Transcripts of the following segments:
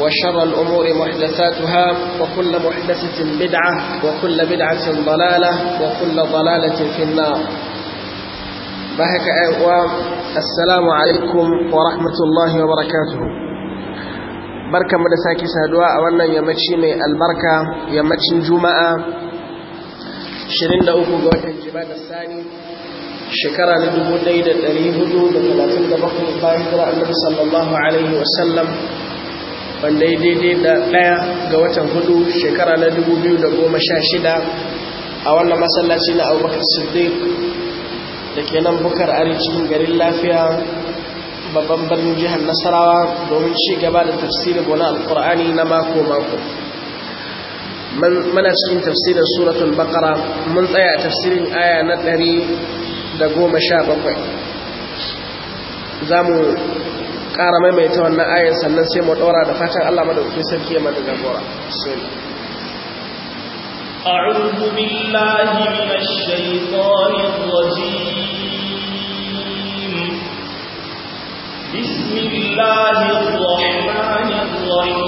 وشر الأمور محدثاتها وكل محدثة بدعة وكل بدعة ضلالة وكل ضلالة في النار بهك أيوة السلام عليكم ورحمة الله وبركاته بركة مدساكي سادواء وانا يمتشي من البركة يمتشي جمعة شرين دعوكو قوات الجبال الثاني شكرا لدبو ليلة الهدو بثلاثين دبقوا الطاهرة النبي صلى الله عليه وسلم wanda ya daidai da ɗaya ga watan hudu shekara na 2016 a wannan masallaci na abubakar siddiq da ke nan bukar ari cikin garin lafiya babban birnin jihar nasarawa domin ci gaba da tafsirin wani alkur'ani na mako-mako mana cikin tafsirin suratun bakara mun tsaya a tafsirin aya na ɗari da goma sha bakwai za mu ƙara maimaita wannan ayin sannan sai mu daura da fatan Allah madauki sarki ya mata jagora أعوذ بالله من الشيطان الرجيم بسم الله الرحمن الرحيم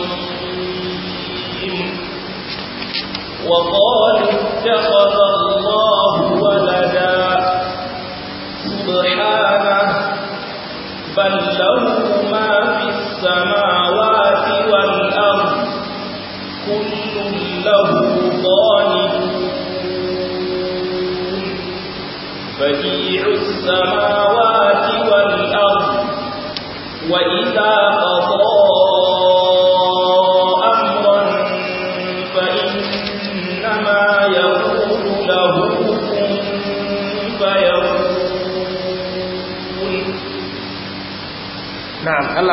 وقال اتخذ الله ولد السماوات والأرض كل له ظالمون بديع السماوات والأرض وإذا قال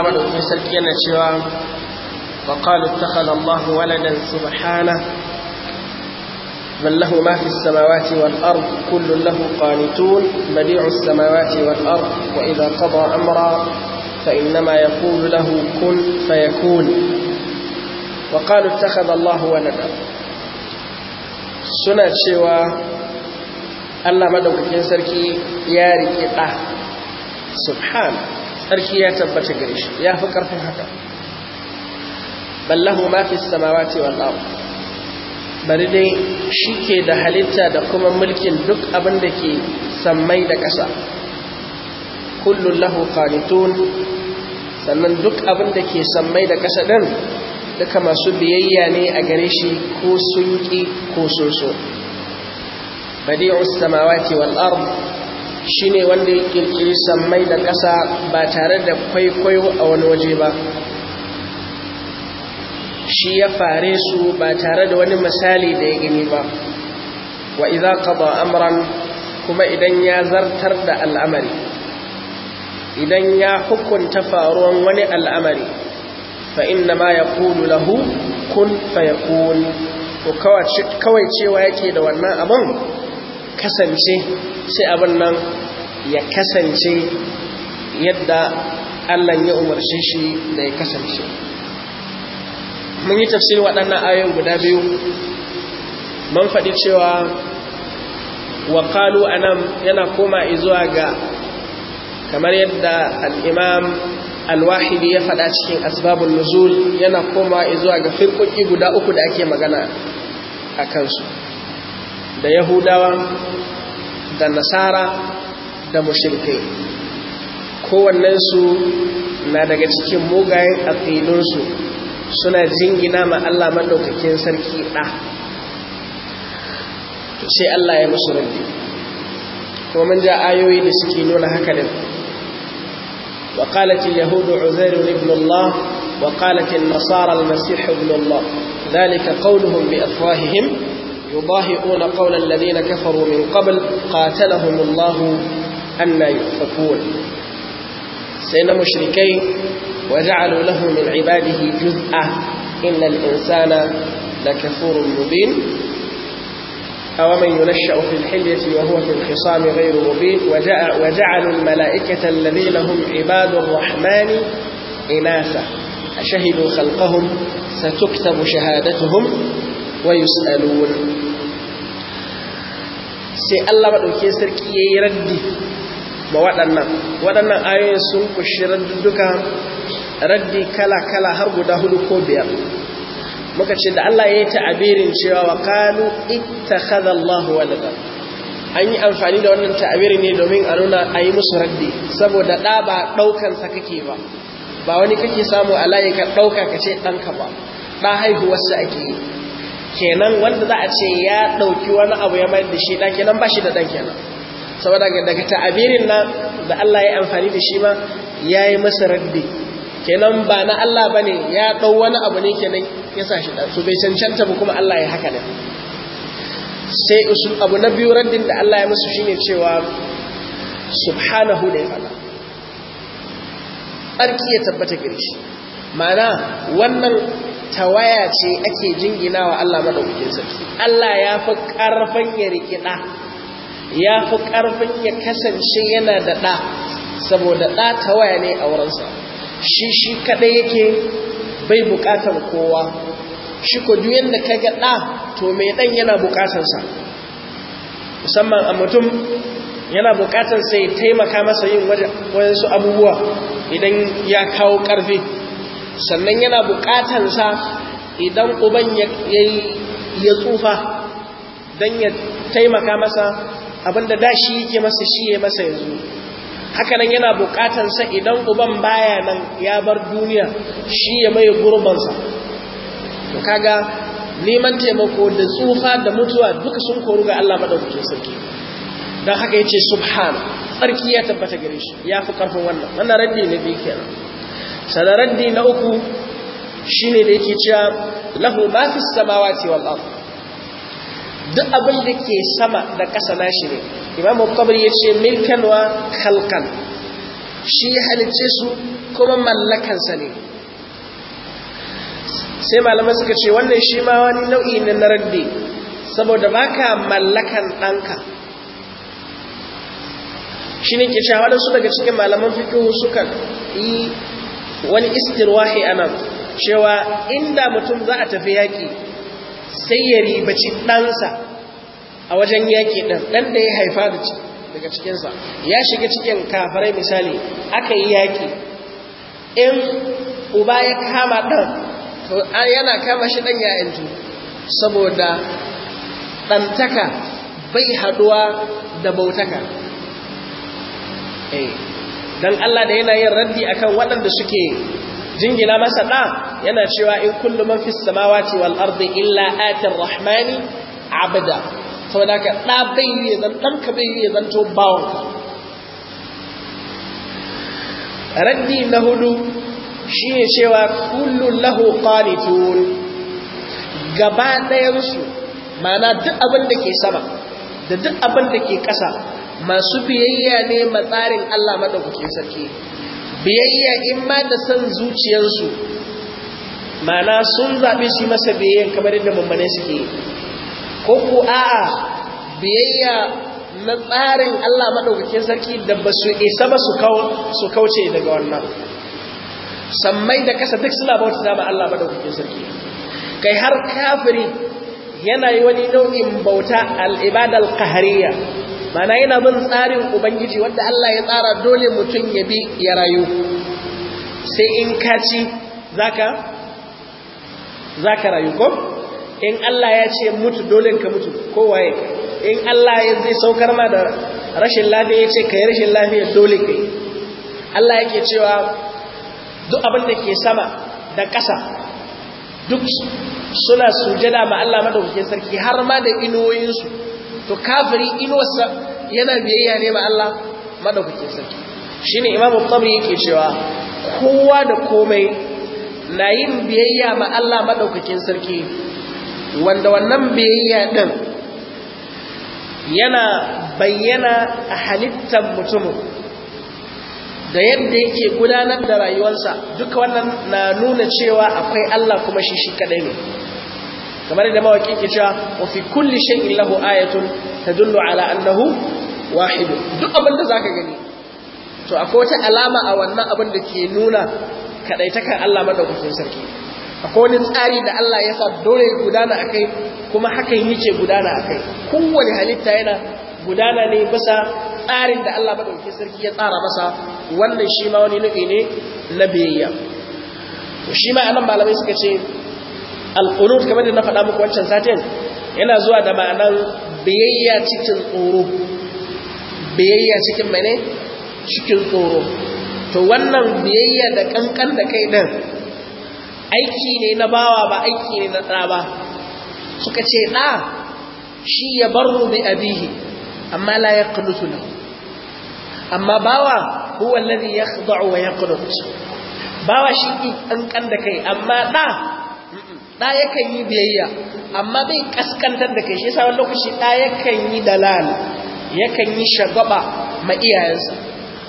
بن وسلم المسكين شوا وقال اتخذ الله ولدا سبحانه بل له ما في السماوات والأرض كل له قانتون بديع السماوات والأرض وإذا قضى أمرا فإنما يقول له كن فيكون وقال اتخذ الله ولدا سنة شوا الله مدوك في سركي يا رجل سبحانه Sarki ya tabbata gare shi ya fi ƙarfin haka ballahu ma fi samawati wal ardh bari dai shike da halitta da kuma mulkin duk abin da ke sammai da ƙasa kullu lahu qanitun sannan duk abin da ke sammai da ƙasa din duka masu biyayya ne a gare shi ko sun ko sun so badi'us samawati wal ardh shi ne wanda ya kirkiri sammai da ƙasa ba tare da kwaikwayo a wani waje ba shi ya fare su ba tare da wani misali da ya gani ba wa iza qada amran kuma idan ya zartar da al'amari idan ya hukunta faruwan wani al'amari fa inna ma yaqulu lahu kun fayakun ko kawai cewa yake da wannan abin kasance sai abin nan ya kasance yadda Allah ya umarci shi da ya kasance mun yi tafsirin waɗannan ayoyin guda biyu mun faɗi cewa wa qalu anam yana koma zuwa ga kamar yadda al-imam alwahidi ya faɗa cikin asbabun nuzul yana koma zuwa ga firƙoƙi guda uku da ake magana a kansu da yahudawa da nasara da mushirkai kowannensu na daga cikin mugayen aƙidunsu suna jingina ma Allah maɗaukakin sarki ɗa sai Allah ya musu rabbi kuma ja ayoyi da suke nuna haka din wa qalat al-yahud uzair ibn Allah wa qalat an-nasara al-masih ibn Allah bi يضاهئون قول الذين كفروا من قبل قاتلهم الله أن يؤفكون سين مشركين وجعلوا له من عباده جزءا إن الإنسان لكفور مبين أو من ينشأ في الحلية وهو في الخصام غير مبين وجعلوا الملائكة الذين هم عباد الرحمن إناثا أشهدوا خلقهم ستكتب شهادتهم wa yus'alun sai Allah madauke sarki yi raddi ba waɗannan waɗannan ayoyin sun kushi duka raddi kala-kala har guda hudu ko biyar muka ce da Allah ya yi ta'abirin cewa wa kalu ittakhadha Allah walada an yi amfani da wannan ta'abirin ne domin a nuna a yi musu raddi saboda ɗa ba ɗaukansa kake ba ba wani kake samu a layi ka ɗauka ka ce ɗanka ba ɗa haihuwarsa ake yi kenan wanda za a ce ya ɗauki wani abu ya mayar da shi ɗan kenan ba shi da ɗan kenan saboda daga ta'abirin nan da Allah ya amfani da shi ma ya yi masa raddi kenan ba na Allah ba ne ya ɗau wani abu ne kenan ya sa shi ɗan su bai cancanta ba kuma Allah ya haka ne sai usul abu na biyu raddin da Allah ya musu shine cewa subhanahu da ya faɗa tsarki ya tabbata gare shi ma'ana wannan tawaya ce ake jingina wa Allah madaukakin sarki Allah ya fi ƙarfin ya rikida ya fi ƙarfin ya kasance yana da ɗa saboda ɗa tawaya ne a wurinsa shi shi kaɗai yake bai buƙatar kowa shi ko duk da ka ga ɗa to mai ɗan yana buƙatarsa musamman a mutum yana buƙatar sai taimaka masa yin wajen su abubuwa idan ya kawo ƙarfi sannan yana buƙatansa idan uban ya tsufa don ya taimaka masa abinda da shi yake masa shi ya masa yanzu hakanan yana buƙatansa idan uban baya nan ya bar duniya shi ya mai gurbansa to kaga neman taimako da tsufa da mutuwa duka sun koru ga Allah madaukakin sarki don haka yace subhana sarki ya tabbata gare shi ya fi ƙarfin wannan wannan raddi ne bi kenan sanaraddi na uku shine da yake cewa lahu ma fi samawati wal duk abin da ke sama da ƙasa nashi ne imam al-qabri ce milkan wa khalqan shi halice su kuma mallakan ne sai malamai suka ce wannan shi ma wani nau'i ne na raddi saboda baka mallakan ɗanka shi ne ke cewa waɗansu daga cikin malaman fikihu suka yi wani istirwahi anan cewa inda mutum za a tafi yaƙi sai ya ribaci ɗansa a wajen yaƙi ɗan ɗan da ya haifa daga cikinsa ya shiga cikin kafarai misali aka yi yaƙi in uba ya kama ɗan yana kama shi ɗan ya'yantu saboda ɗantaka bai haɗuwa da bautaka eh. dan Allah da yana yin raddi akan waɗanda suke jingina masa ɗa yana cewa in kullu man fis samawati wal ardi illa atir rahmani abada saboda ka ɗa bai yi zan ɗan ka bai yi zan to bawon raddi na hudu shi ne cewa kullu lahu qanitun gaba ɗayansu ma'ana duk abin da ke sama da duk abin da ke ƙasa masu biyayya ne matsarin Allah madaukakin sarki biyayya in ma da san zuciyarsu mana sun zaɓi shi masa biyayyan kamar yadda mummane suke ko ko a'a biyayya na tsarin Allah madaukakin sarki da ba su isa ba su kauce daga wannan sammai da kasa duk suna bauta ba Allah madaukakin sarki kai har kafiri yana yi wani nau'in bauta al-ibada al mana yana bin tsarin ubangiji wanda Allah ya tsara dole mutum ya bi ya rayu sai in ka ci zaka zaka rayu ko in Allah ya ce mutu dole ka mutu kowaye in Allah ya zai saukar ma da rashin lafiya ya ce ka yi rashin lafiya dole ka yi Allah yake cewa duk abin da ke sama da ƙasa duk suna sujada ma Allah madaukakin sarki har ma da inuwoyinsu to kafiri inuwarsa yana biyayya ne ma Allah madaukakin sarki shine imamu tabari yake cewa kowa da komai na yin biyayya ma Allah maɗaukakin sarki wanda wannan biyayya din yana bayyana a halittar mutumin da yadda yake gudanar da rayuwarsa duka wannan na nuna cewa akwai Allah kuma shi shi kadai ne kamar da mawaki ke cewa wa fi kulli shay'in lahu ayatun tadullu ala annahu wahid duk abin da zaka gani to akwai wata alama a wannan abin da ke nuna kadaitakan Allah madaukakin sarki akwai wani tsari da Allah ya sa dole gudana akai kuma hakan yake gudana akai kowane halitta yana gudana ne bisa tsarin da Allah madaukakin sarki ya tsara masa wannan shi ma wani nufi ne na biyayya to shi ma anan malamai suka ce alƙunut kamar da na faɗa muku wancan satin yana zuwa da ma'anar biyayya cikin tsoro biyayya cikin mene cikin tsoro to wannan biyayya da ƙanƙan da kai ɗin aiki ne na bawa ba aiki ne na ɗa ba suka ce ɗa shi ya barru bi abihi amma la ya ƙunutu la. amma bawa huwa alladhi yakhda'u wa yaqnut bawa shi ƙanƙan da kai amma ɗa ɗa yakan yi biyayya amma bai kaskantar da kai shi yasa wani lokaci ɗa yakan yi dalal yakan yi shagaba ma iyayensa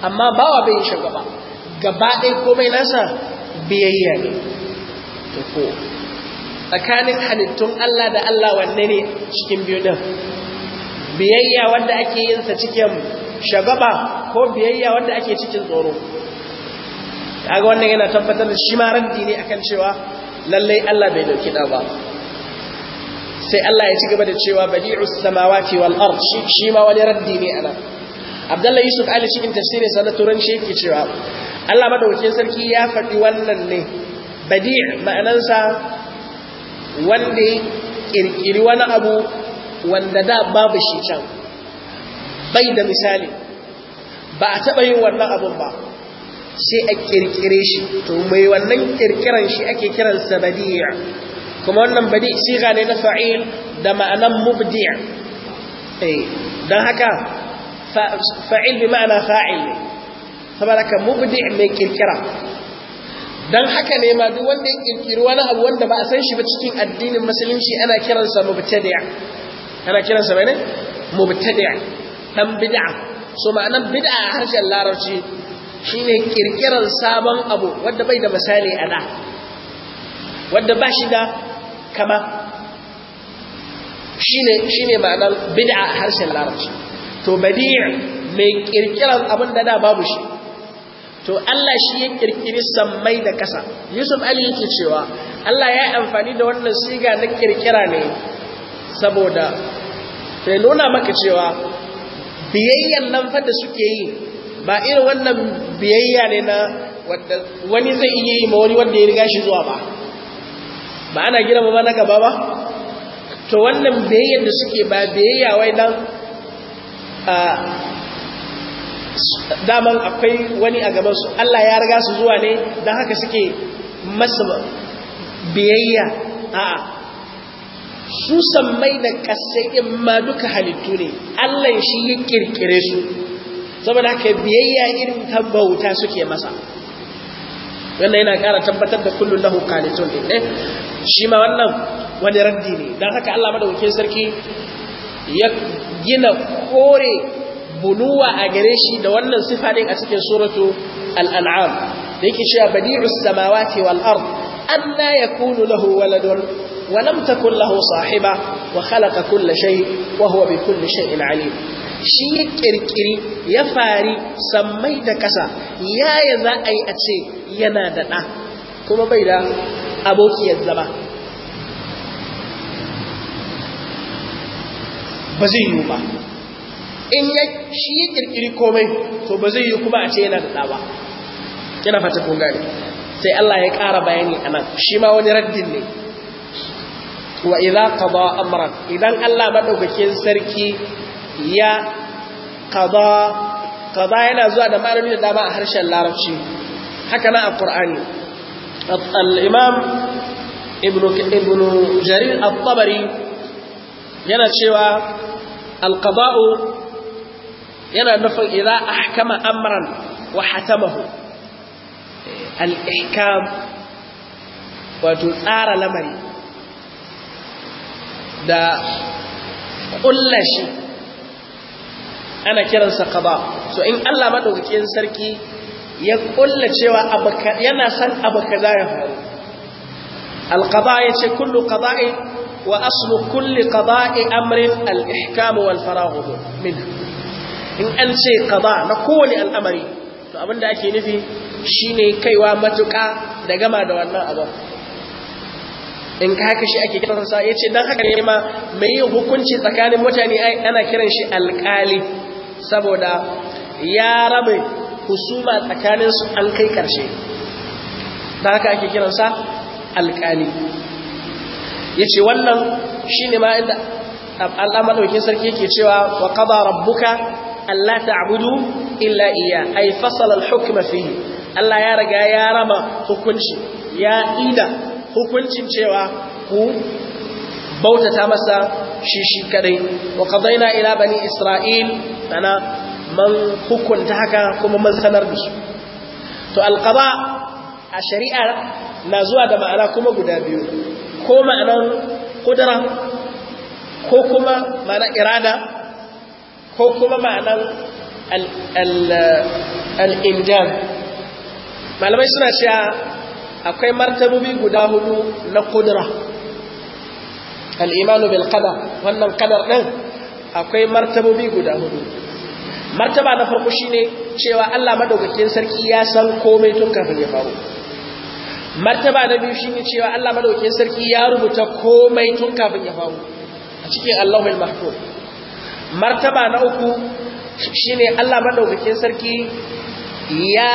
amma bawa bai yi shagaba gaba ɗaya komai nasa biyayya ne ko tsakanin halittun Allah da Allah wanne ne cikin biyu din biyayya wanda ake yin sa cikin shagaba ko biyayya wanda ake cikin tsoro kaga wannan yana tabbatar da shi ma ranti ne akan cewa lallai Allah bai dauki da ba sai Allah ya ci gaba da cewa badi'us samawati wal ard shi ma wani raddi ne ana Abdullah Yusuf Ali cikin tafsirin sa na turanci yake cewa Allah madaukakin sarki ya faɗi wannan ne badi' ma'anansa wanda ya kirkiri wani abu wanda da babu shi can bai da misali ba a taɓa yin wannan abun ba sai a kirkire shi to mai wannan kirkiran shi ake kiran sa badi'a kuma wannan badi siga ne na fa'il da ma'anan mubdi' eh dan haka fa'il bi ma'ana fa'il saboda ka mubdi' mai kirkira dan haka ne ma duk wanda ya kirkiri wani abu wanda ba a san shi ba cikin addinin musulunci ana kiransa mubtadi' ana kiransa bane mubtadi' dan bid'a so ma'anan bid'a a harshen larabci ne kirkirar sabon abu Wadda bai da misali a na. Wadda ba shi da kama Shi ne ma'anar bid'a a harshen larabci to badi' mai kirkirar abin da da babu shi to Allah shi ya kirkiri sammai da kasa Yusuf Ali yake cewa Allah ya yi amfani da wannan siga na kirkira ne saboda sai nuna maka cewa biyayyan nan fa da suke yi ba irin wannan biyayya ne na wani zai iya yi ma wani wanda ya riga shi zuwa ba ba ana gina ba na gaba ba to wannan biyayyar da suke ba biyayya wai dan daman akwai wani a gaban su Allah ya riga su zuwa ne don haka suke masa biyayya a'a su sammai da kasai in ma duka halittu ne Allah shi ya kirkire su saboda haka biyayya irin ta suke masa wannan yana ƙara tabbatar da kullun lahu qanitun din eh shi ma wannan wani raddi ne dan haka Allah madaukakin sarki ya gina kore bunuwa a gare shi da wannan sifa din a cikin suratu al-an'am da yake cewa badi'us samawati wal ard anna yakunu lahu waladun wa lam takun lahu sahiba wa khalaqa kulla shay wa huwa bi kulli shay'in alim shi ya kirkiri ya fari sammai da ƙasa yi za a yi a ce yana da ɗa kuma bai da abokiyar zama ba zai yi ba in ya shi ya kirkiri komai to ba zai yi kuma a ce yana da ɗa ba yana fata kunga ne. sai Allah ya ƙara bayani a nan shi ma wani raddin ne wa idza qada amran idan Allah madaukakin sarki ya qada qada yana zuwa da ma'anoni da dama a harshen larabci haka na alqur'ani al-imam ibnu ibnu jarir at-tabari yana cewa al-qada'u yana nufin idza ahkama amran wa hatamahu al-ihkam wato tsara lamari da ƙulla shi ana kiransa kaba. so in Allah madaukakin sarki ya kulla cewa yana san abu kaza ya faru alqada yace kullu qada'i wa aslu kulli qada'i amrin al-ihkam wal faragh min in an ce qada na kowane al'amari to abinda ake nufi shine kaiwa matuka da gama da wannan abu in ka haka shi ake kiransa yace dan haka ne ma mai hukunci tsakanin mutane ana kiran shi alƙali saboda ya rabe husuma tsakaninsu an kai ƙarshe da haka ake kiransa alƙali ya ce wannan shi ne ma inda al'amadaukin sarki yake cewa wa ƙaba rabbuka Allah ta'budu illa iya ai fasal hukuma hukma Allah ya riga ya rama hukunci ya ida hukuncin cewa ku bautata masa shi shi kadai wa qadaina ila bani isra'il ana man hukunta haka kuma man sanar da su to alqada a shari'a na zuwa da ma'ana kuma guda biyu ko ma'anan kudura ko kuma ma'anan irada ko kuma al al'injan malamai suna cewa akwai martabobi guda hudu na kudura al'imanu bil wannan kadar din akwai martabobi guda hudu martaba na farko shine cewa Allah madaukakin sarki ya san komai tun kafin ya faru martaba na biyu shine cewa Allah madaukakin sarki ya rubuta komai tun kafin ya faru a cikin al Mahfuz martaba na uku shine Allah madaukakin sarki ya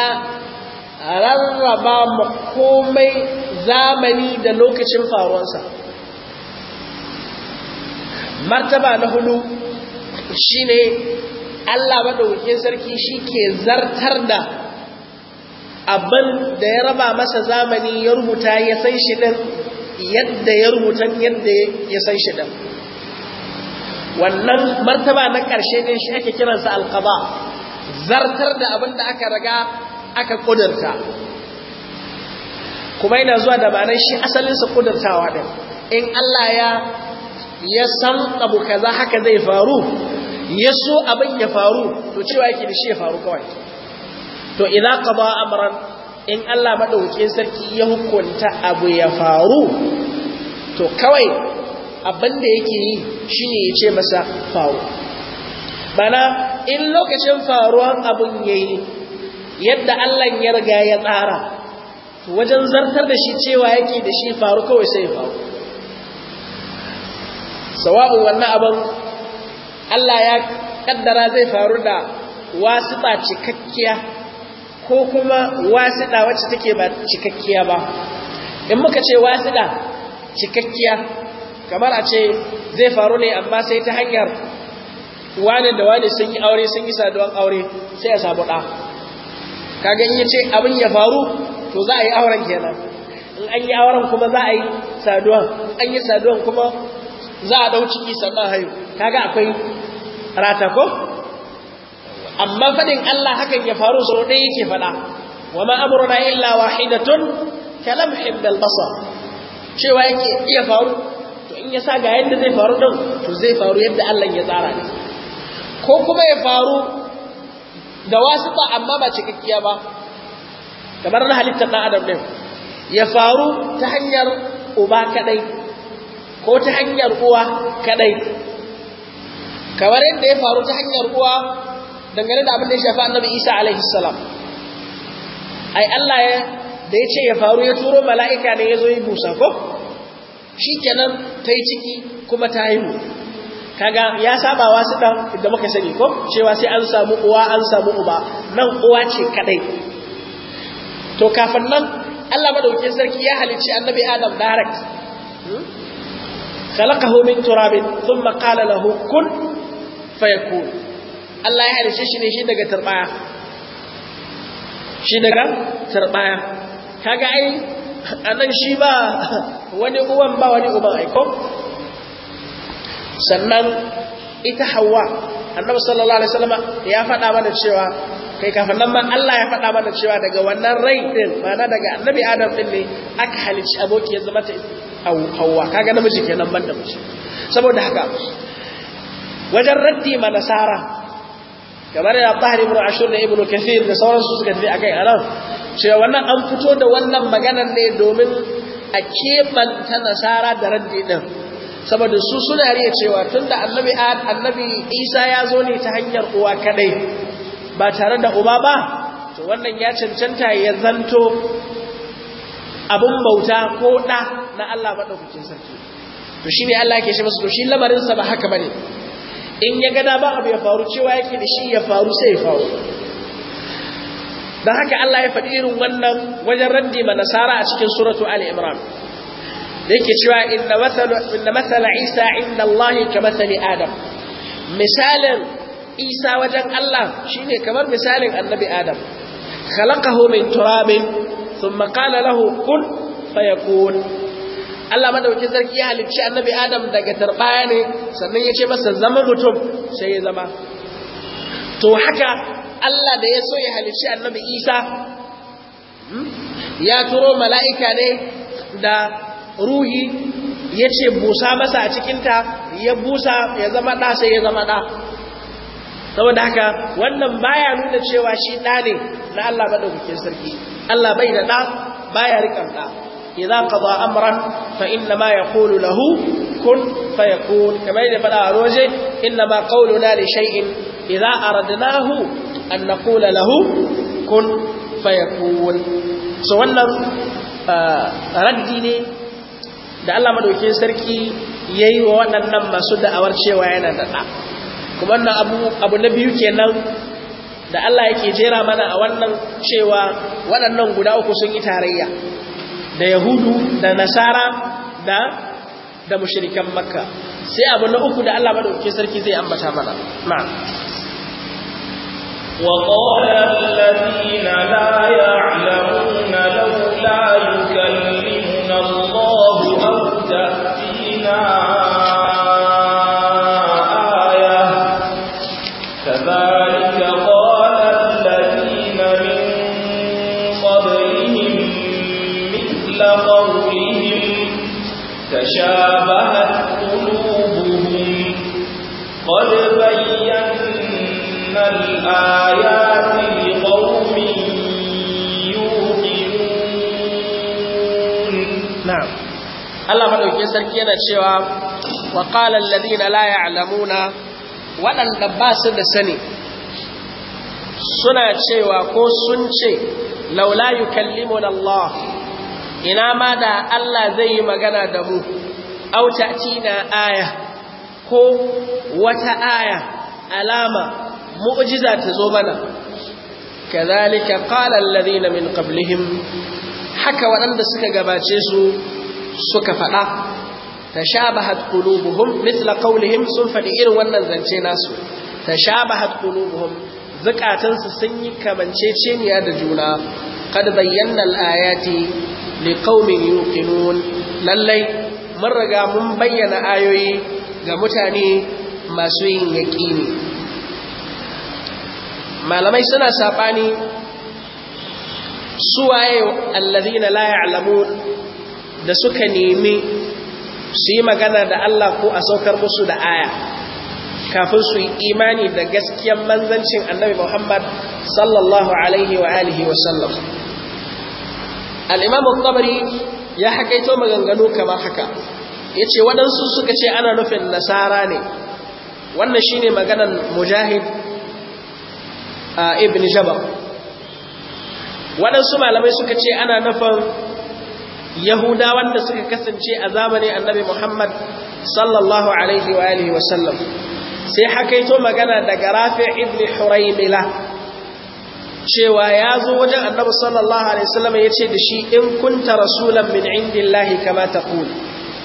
rarraba komai zamani da lokacin faruwarsa martaba na hudu shi ne Allah maɗaukakin sarki shi ke zartar da abin da ya raba masa zamani ya rubuta ya san shi ɗin yadda ya rubuta yadda ya san shi ɗin wannan martaba na ƙarshe ɗin shi ake kiransa alƙaba zartar da abin da aka raga aka ƙudurta kuma yana zuwa da ma'anar shi asalinsa ƙudurtawa ɗin in Allah ya ya san abu kaza haka zai faru ya so abin ya faru to cewa yake da shi ya faru kawai to idan qada amran in Allah madauke sarki ya hukunta abu ya faru to kawai abin da yake yi shine ya ce masa faru bana in lokacin faruwan abun yayi yadda Allah ya riga ya tsara wajen zartar da shi cewa yake da shi faru kawai sai faru sawa'un wannan abin Allah ya kaddara zai faru da wasita cikakkiya ko kuma wasita wacce take ba cikakkiya ba in muka ce wasita cikakkiya kamar a ce zai faru ne amma sai ta hanyar wani da wani sun yi aure sun yi saduwan aure sai a sabu ɗa kaga in ce abin ya faru to za a yi auren kenan in an yi auren kuma za a yi saduwan an yi saduwan kuma za a dau ciki sannan haihu kaga akwai rata ko amma fadin Allah hakan ya faru sau ɗaya yake faɗa wa ma amruna illa wahidatun kalamhin bil basar cewa yake iya faru to in ya sa ga yadda zai faru din to zai faru yadda Allah ya tsara ne ko kuma ya faru da wasiƙa amma ba cikakkiya ba kamar na halittar na adam ɗin ya faru ta hanyar uba kaɗai ko ta hanyar uwa kadai kamar yadda ya faru ta hanyar uwa dangane da abin da ya shafi annabi isa alaihi salam ai Allah ya da ya ce ya faru ya turo mala'ika ne ya zo yi busa ko shi kenan ta yi ciki kuma ta haihu kaga ya saba wasu dan da muka sani ko cewa sai an samu uwa an samu uba nan uwa ce kadai to kafin nan Allah madaukakin sarki ya halicci annabi Adam direct hmm? khalaqahu min turabin thumma qala lahu kun fayakun Allah ya halice shi ne shi daga turbaya shi daga turbaya kaga ai anan shi ba wani uwan ba wani uban aiko sannan ita hawa annabi sallallahu alaihi wasallam ya faɗa mana cewa kai kafin nan ma Allah ya faɗa mana cewa daga wannan rai din ma'ana daga annabi Adam din ne aka halicci aboki ya zama ta hauwa kaga namiji kenan banda da mace saboda haka wajen raddi ma nasara kamar ya tahri ibn ashur da ibn kathir da sauransu suka tafi akai nan cewa wannan an fito da wannan maganar ne domin a kebanta nasara da raddi din saboda su suna riya cewa tunda annabi annabi isa ya zo ne ta hanyar uwa kadai ba tare da uba ba to wannan ya cancanta ya zanto abun bauta ko da na Allah maɗaukacin sarki to shi ne Allah ke shi masu to shi lamarinsa ba haka ba ne? in ya gada ba abu ya faru cewa yake da shi ya faru sai ya faru don haka Allah ya faɗi irin wannan wajen raddi ma nasara a cikin suratu Ali Imran da yake cewa inna matsala Isa inda Allah ka matsali Adam misalin Isa wajen Allah shi ne kamar misalin annabi Adam خلقه من تراب ثم قال له كن فيكون Allah madaukakin sarki ya halicci annabi Adam daga tarbaya ne sannan ya ce masa zama mutum sai ya zama to haka Allah da ya so ya halicci annabi Isa hmm, ya turo mala'ika ne da ruhi ya ce busa masa a cikinta ya busa ya zama ɗa sai ya zama ɗa saboda haka wannan baya nuna cewa shi ɗa ne na Allah madaukakin sarki Allah bai da ɗa baya rikan ɗa idza qada amran fa inna ma yaqulu lahu kun fayakun kamar da fada a roje inna ma qawluna li shay'in idza aradnahu an naqula lahu kun fayakun so wannan raddi ne da Allah madaukin sarki yayi wa waɗannan masu da'awar cewa yana da da kuma wannan abu abu na biyu kenan da Allah yake jera mana a wannan cewa waɗannan guda uku sun yi tarayya da yahudu da nasara da da mushrikan makka sai abu na uku da Allah madaukakin sarki zai ambata mana na'am وقال الذين لا يعلمون لولا يكلمنا الله أو تأتينا sarki yana cewa wa الله ملوك يسر كينا waɗanda وقال الذين da sani suna cewa ko sun ce laula yukallimuna Allah ina ma da Allah zai yi magana da mu au ta'tina aya ko wata aya alama mu'jiza ta zo mana kazalika qala alladhina min qablihim haka waɗanda suka gabace su suka faɗa tashabahat qulubuhum mithla qawlihim sun faɗi irin wannan zance nasu tashabahat qulubuhum zakatansu sun yi kamanceceniya da juna qad bayyana al liqaumin yuqinun lallai mun riga mun bayyana ayoyi ga mutane masu yin yaƙini malamai suna saɓani suwaye allazina la ya'lamun da suka nemi su yi magana da Allah ko a saukar musu da aya kafin su yi imani da gaskiyar manzancin annabi Muhammad sallallahu alaihi wa alihi wa sallam al-imam al ya hakaito maganganu kamar haka yace waɗansu suka ce ana nufin nasara ne wannan shine maganar mujahid ibn jabar waɗansu malamai suka ce ana nufin yahudawan da suka kasance a zamanin annabi muhammad sallallahu alaihi wa alihi wasallam sai hakaito magana daga rafi ibn huraimila cewa ya zo wajen annabi sallallahu alaihi wasallam ya ce da shi in kunta rasulan min indillahi kama taqul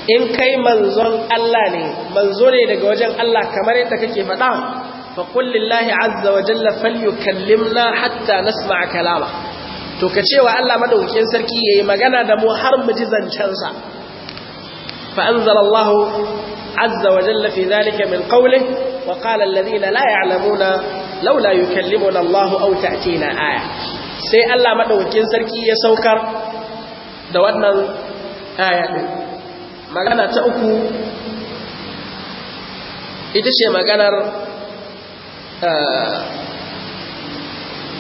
in kai manzon Allah ne manzo ne daga wajen Allah kamar yadda kake faɗa faƙul lillahi azza wa jalla falyukallimna hatta nasma'a kalama to ka cewa Allah madaukakin sarki yayi magana da mu har mu ji zancensa fa anzalallahu azza wa jalla fi dhalika min qawlihi wa qala alladhina la ya'lamuna laula yukallimuna Allah aw ta'tina aya sai Allah madaukakin sarki ya saukar da wannan aya din magana ta uku ita ce maganar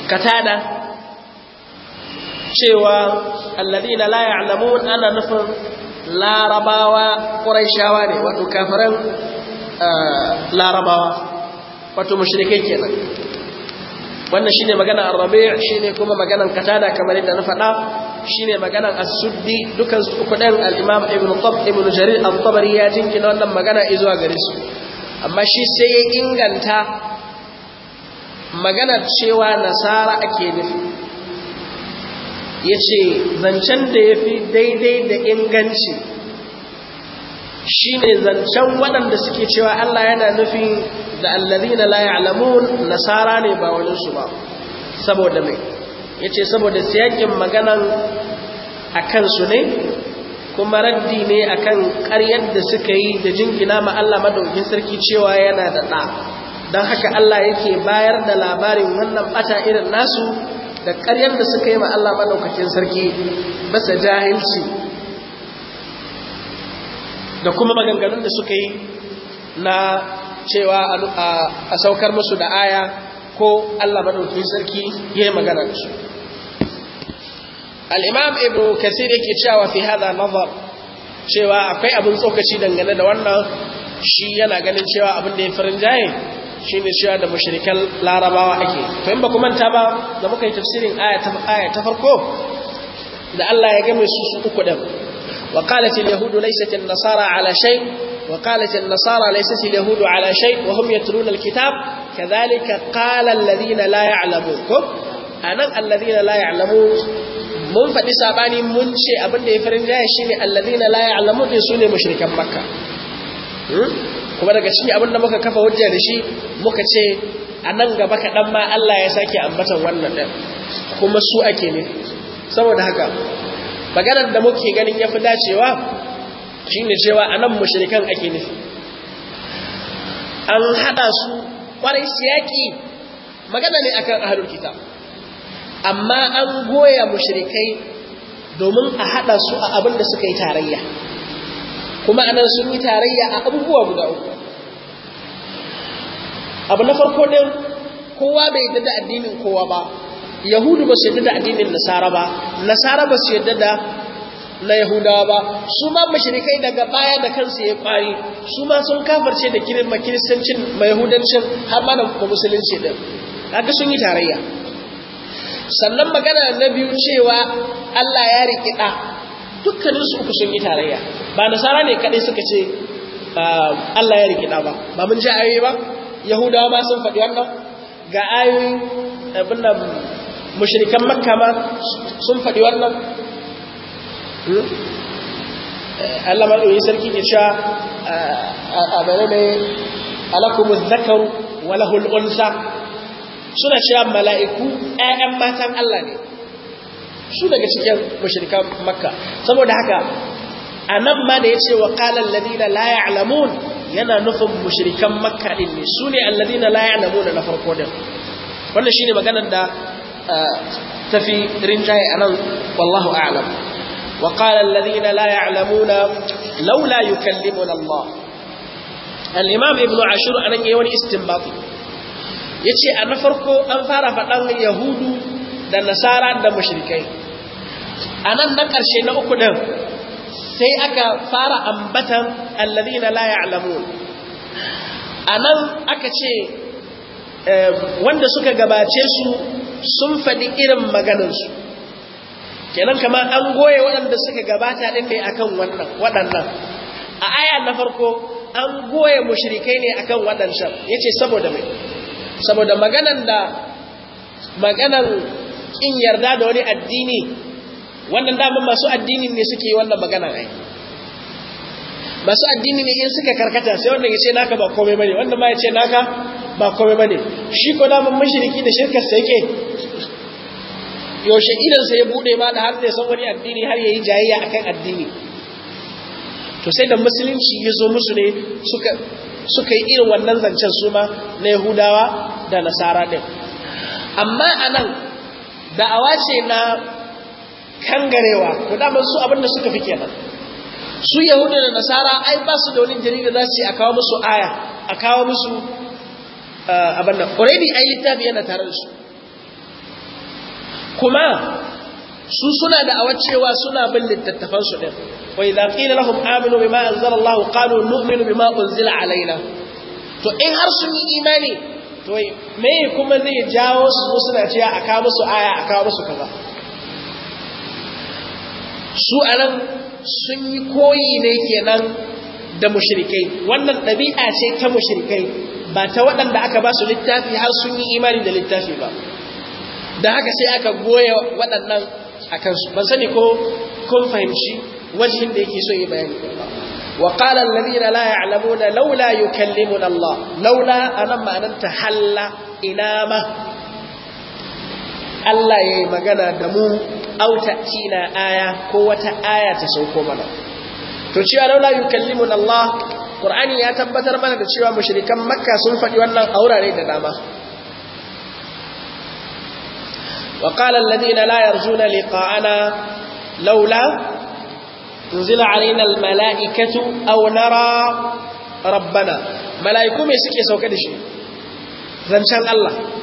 katada cewa alladina la ya'lamun ana nufin larabawa quraishawa ne wato kafiran larabawa wato mushrikai kenan wannan shine magana ar-rabi' shine kuma magana katada kamar yadda na faɗa shine magana as-suddi dukan uku ɗan al-imam ibn qab ibn jarir al-tabari ya jinkina wannan magana izuwa gare su amma shi sai ya inganta maganar cewa nasara ake nufi ya ce zancen da ya fi daidai da inganci shi ne zancen waɗanda suke cewa Allah yana nufi da allazina la ya'lamun nasara ne ba wani su ba saboda mai ya ce saboda siyakin maganan a kansu ne kuma raddi ne akan ƙaryar da suka yi da jingina ma Allah madaukin sarki cewa yana da ɗa don haka Allah yake bayar da labarin wannan bata irin nasu da ƙaryar da suka yi ma Allah maɗaukakin sarki basa jahilci da kuma maganganun da suka yi na cewa a saukar musu da aya ko Allah maɗaukakin sarki ya yi magana da su al'imam ibn kasir yake cewa fi hada nazar cewa akwai abin tsokaci dangane da wannan shi yana ganin cewa abin da ya farin jaye shi ne cewa da mashirikan larabawa ake to in ba ku manta ba da muka yi tafsirin aya ta farko da Allah ya game su su uku ɗin wa qalat al-yahudu laysat an-nasara ala shay wa qalat an-nasara laysat al-yahudu ala shay wa hum yatluna al kadhalika qala alladhina la ya'lamun ko anan alladhina la ya'lamun mun faɗi sabani mun ce abin da ya farin jaya shine alladhina la ya'lamun sune mushrikan makka hmm? kuma daga shi abinda muka kafa hujja da shi muka ce a nan gaba kaɗan ma Allah ya sake ambatan wannan ɗin kuma su ake ne saboda haka maganar da muke ganin ya fi dacewa shi ne cewa a nan mashirikan ake nufi an haɗa su ƙwarai siyaƙi magana ne akan ahalul kitab amma an goya mushrikai domin a haɗa su a abin da suka yi tarayya kuma anan sun yi tarayya a abubuwa guda uku abu na farko din kowa bai yadda da addinin kowa ba yahudu ba su yadda da addinin nasara ba nasara ba su yadda da na yahudawa ba su ma mashirikai daga baya da kansu ya kwari su ma sun kafarce da kirin makiristancin mai yahudancin har ma da musulunci din kaga sun yi tarayya sannan magana na biyu cewa Allah ya riƙi dukkanin su uku sun yi tarayya ba nasara ne kaɗai suka ce Allah ya rikida ba ba mun ji ayoyi ba yahudawa ma sun faɗi wannan ga ayoyin abinda mushrikan makka ma sun faɗi wannan hmm? eh, Allah ma ɗoyi sarki ke cewa a bare ne alakumu zakar wa suna cewa mala'iku ƴaƴan matan Allah ne su daga cikin mushrikan makka saboda haka a ma da yace wa qala alladina la ya'lamun yana nufin mushrikan makka din ne su ne alladina la ya'lamun na farko din wannan shine maganar da tafi rinjaye anan wallahu a'lam wa qala alladina la ya'lamun laula yukallimuna Allah al-imam ibnu ashur anan yayi wani istinbat yace a na farko an fara fadan yahudu da nasara da mushrikai a nan na ƙarshe na uku ɗin sai aka fara ambatan alladina la ya'lamun a nan aka ce eh, wanda suka gabace su sun faɗi irin maganansu. kenan kama an goye waɗanda suka gabata ɗin ne akan waɗannan a aya na farko an goye mushrikai ne akan waɗancan yace saboda mai saboda maganan da maganan kin yarda da wani addini wannan dama masu addini ne suke yi wannan magana ai masu addini ne in suka karkata sai wanda ya ce naka ba komai bane wanda ma ya ce naka ba komai bane shi ko mun mushriki da shirkar sa yake yaushe idan sa ya bude ma da har sai san wani addini har yayi jayayya akan addini to sai da musulunci ya zo musu ne suka suka yi irin wannan zancen su ma na yahudawa da nasara din amma anan da awace na kangarewa to da su abin da suka fi kenan su yahudu da nasara ai ba su da wani jarida za su a kawo musu aya a kawo musu eh, abin nan already ai littafi yana tare da su kuma su suna da awar cewa suna bin littattafan su din wa idza qila lahum aminu bima anzala Allah qalu nu'minu bima unzila alaina to in har sun yi imani to me kuma zai jawo su suna cewa a kawo musu aya a kawo musu kaza su anan sun yi koyi ne kenan da mushrikai wannan ɗabi'a ce ta mushrikai ba ta waɗanda aka ba su littafi har sun yi imani da littafi ba da haka sai aka goya waɗannan a kansu ban sani ko kun fahimci wajen da yake so yi bayani wa qala alladhina la ya'lamuna laula yukallimuna Allah laula anan ta halla ina ma Allah ya yi magana da mu auta cina aya ko wata aya ta sauko mana to cewa laula yukallimun Allah ƙur'ani ya tabbatar mana da cewa mashirikan Makka sun faɗi wannan aurare da dama wa qala na la yarjuna liqa'ana laula zina alaina mala'ikatu aunara rabbana mala'iku me suke sauka da shi zancen Allah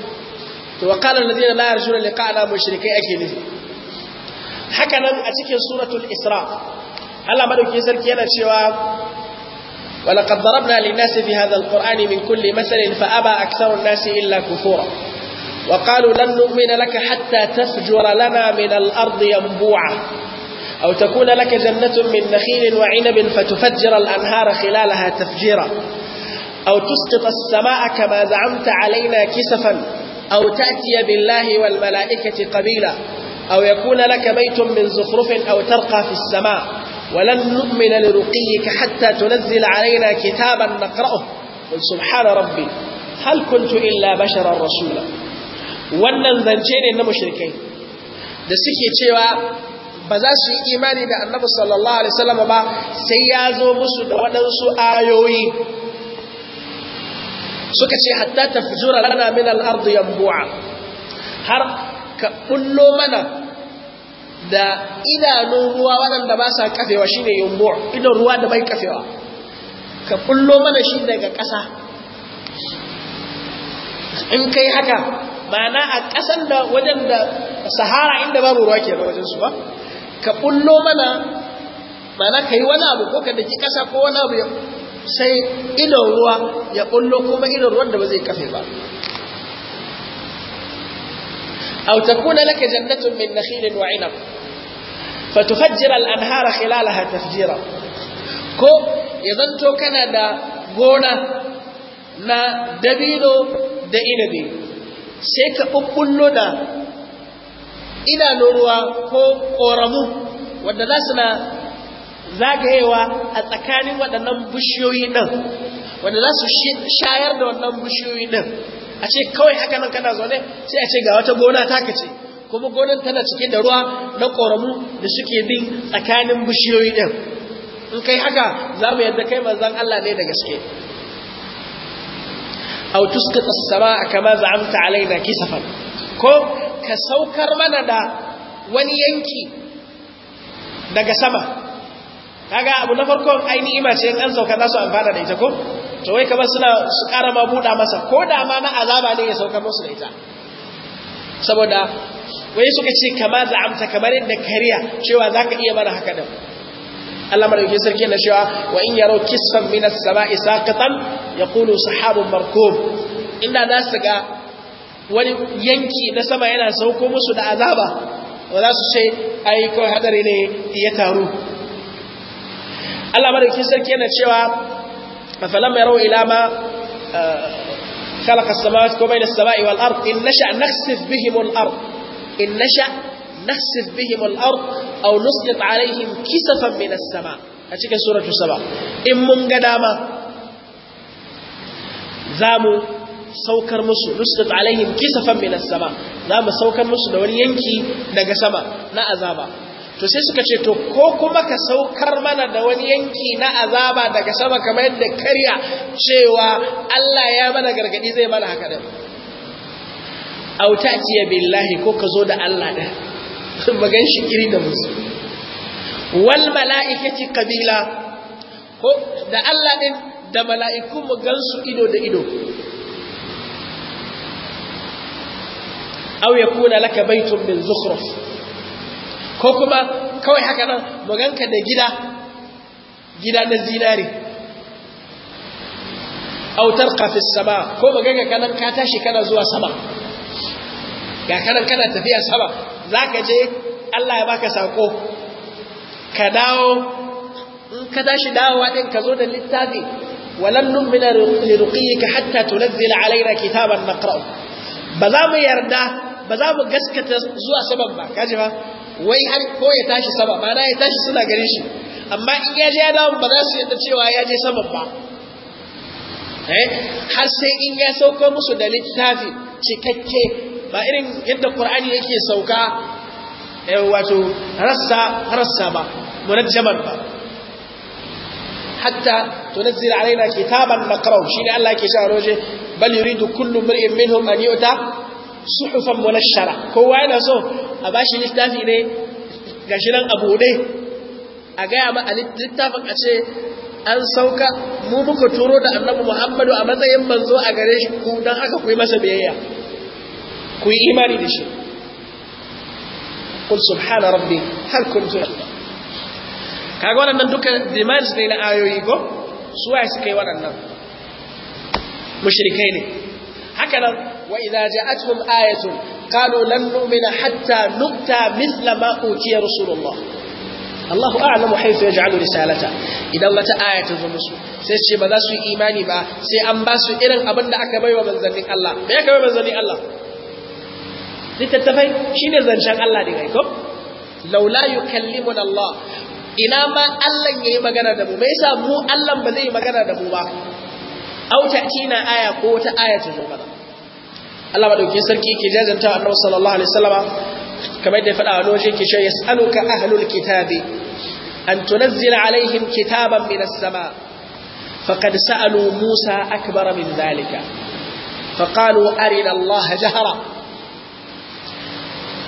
وقال الذين لا يرجون yarjuna liqa'ana mushrikai ake nufi أتيك سورة الإسراء ألا suratul isra Allah madauki ولقد ضربنا للناس في هذا القرآن من كل مثل فأبى أكثر الناس إلا كفورا وقالوا لن نؤمن لك حتى تفجر لنا من الأرض ينبوعا أو تكون لك جنة من نخيل وعنب فتفجر الأنهار خلالها تفجيرا أو تسقط السماء كما زعمت علينا كسفا أو تأتي بالله والملائكة قبيلا أو يكون لك بيت من زخرف أو ترقى في السماء ولن نؤمن لرقيك حتى تنزل علينا كتابا نقرأه قل سبحان ربي هل كنت إلا بشرا رسولا wannan zance ne na mushrikai da suke cewa ba za su yi imani da annabi sallallahu alaihi wasallam ba sai ya zo musu da waɗansu ayoyi suka ce hatta tafjura lana min al-ard yanbu'a har ka kullo mana da idanu ruwa waɗanda ba sa kafewa shine yanbu' idan ruwa da bai kafewa ka kullo mana shi daga ƙasa in kai haka ma'ana a ƙasan da wajen da sahara inda babu ruwa ke wajen su ba ka kullo mana ma'ana ka yi wani abu ko ka daki ƙasa ko wani abu sai idon ruwa ya bullo kuma idon ruwan da ba zai kafe ba aw takuna laka jannatun min nakhilin wa 'inab fatufajjira al-anhara khilalaha tafjira ko ya zanto kana da gona na dabino da inabi sai ka bubbullo da idanun ruwa ko koramu wanda za su na zagayewa a tsakanin waɗannan bishiyoyi ɗin wanda za su shayar da wannan bishiyoyi ɗin a ce kawai haka nan kana zaune sai a ce ga wata gona ta ce kuma gonan tana cike da ruwa na ƙoramu da suke bin tsakanin bishiyoyi ɗin in kai haka za mu yadda kai manzan Allah ne da gaske au tusqita as-samaa kama za'amta alaina kisafan ko ka saukar mana da wani yanki daga sama kaga abu na farko ainihi mace ce an sauka za su amfana da ita ko to wai kamar suna su ƙara ma buɗa masa ko da ma na azaba ne ya sauka musu da ita saboda wai suka ce kama za amsa kamar yadda kariya cewa za ka iya mana haka din Allah madauki sarki na cewa wa in yaro kisfan minas sama'i saqatan yaqulu sahabun markub inda za su ga wani yanki na sama yana sauko musu da azaba wa za su ce ai kawai hadari ne ya taru Allah madaukakin sarki yana cewa mafalamma yarau ila ma خلق السماوات وبين السماء والأرض إن نشأ نخسف بهم الأرض إن نشأ نخسف بهم الأرض أو نسقط عليهم كسفا من السماء أتيك سورة السبع إن من قداما زامو saukar musu rusdat alaihim kisafan min as-sama za mu saukar musu da wani yanki daga sama na azaba to sai suka ce to ko kuma ka saukar mana da wani yanki na azaba daga sama kamar yadda karya cewa Allah ya mana gargadi zai mana haka da auta ciye billahi ko ka zo da Allah da magan shi iri da musu wal mala'ikati kabila ko da Allah din da mala'iku mu gansu ido da ido aw yakuna laka baytun min zukhruf ko kuma kawai haka nan maganka da gida gida na zinari autar kafin sama ko maganka kanan ka tashi kana zuwa sama ga kanan kana tafiya sama za ka je Allah ya baka sako ka dawo in ka tashi dawowa ɗin ka zo da littafi walan nu'mina liruqiyika hatta tunzila alaina kitaban naqra'u ba za mu yarda ba za mu gaskata zuwa sama ba kaji ba wai har ko ya tashi sama ba na ya tashi suna gare shi amma in ya je ya dawo ba za su yadda cewa ya je saman ba eh? har sai in ya sauko musu da littafi cikakke ba irin yadda qur'ani yake sauka eh, wato rassa rassa ba munajjaman ba hatta tunazzil alaina kitaban makraw shine Allah yake cewa roje bal yuridu kullu mar'in minhum an yu'ta suhufan munashshara kowa yana so a bashi littafi ne gashinan nan a ne a gaya ma a littafin a ce an sauka mu muka turo da annabi muhammadu a matsayin manzo a gare shi ku don haka kuyi masa biyayya ku yi imani da shi kul subhana rabbi har kuntu kaga waɗannan duka demands ne na ayoyi ko su waye suka yi waɗannan mushrikai ne haka nan wa idza ja'atuhum ayatun qalu lan nu'mina hatta nu'ta mithla ma utiya rasulullah Allahu a'lamu haythu yaj'alu risalata idan wata aya ta zo sai ce ba za su yi imani ba sai an ba irin abin da aka baiwa manzannin Allah me aka baiwa manzannin Allah littattafai shine zancen Allah ne kai ko laula yukallimuna Allah ina ma Allah yayi magana da mu me yasa mu Allah ba zai magana da mu ba aya ko ta Allah madaukakin sarki ke jajanta annabi sallallahu alaihi wasallama kamar da ya faɗa a lokaci ke cewa yas'aluka ahlul kitabi an tunzila alaihim kitaban minas sama faqad sa'alu Musa akbar min zalika faqalu arina Allah jahra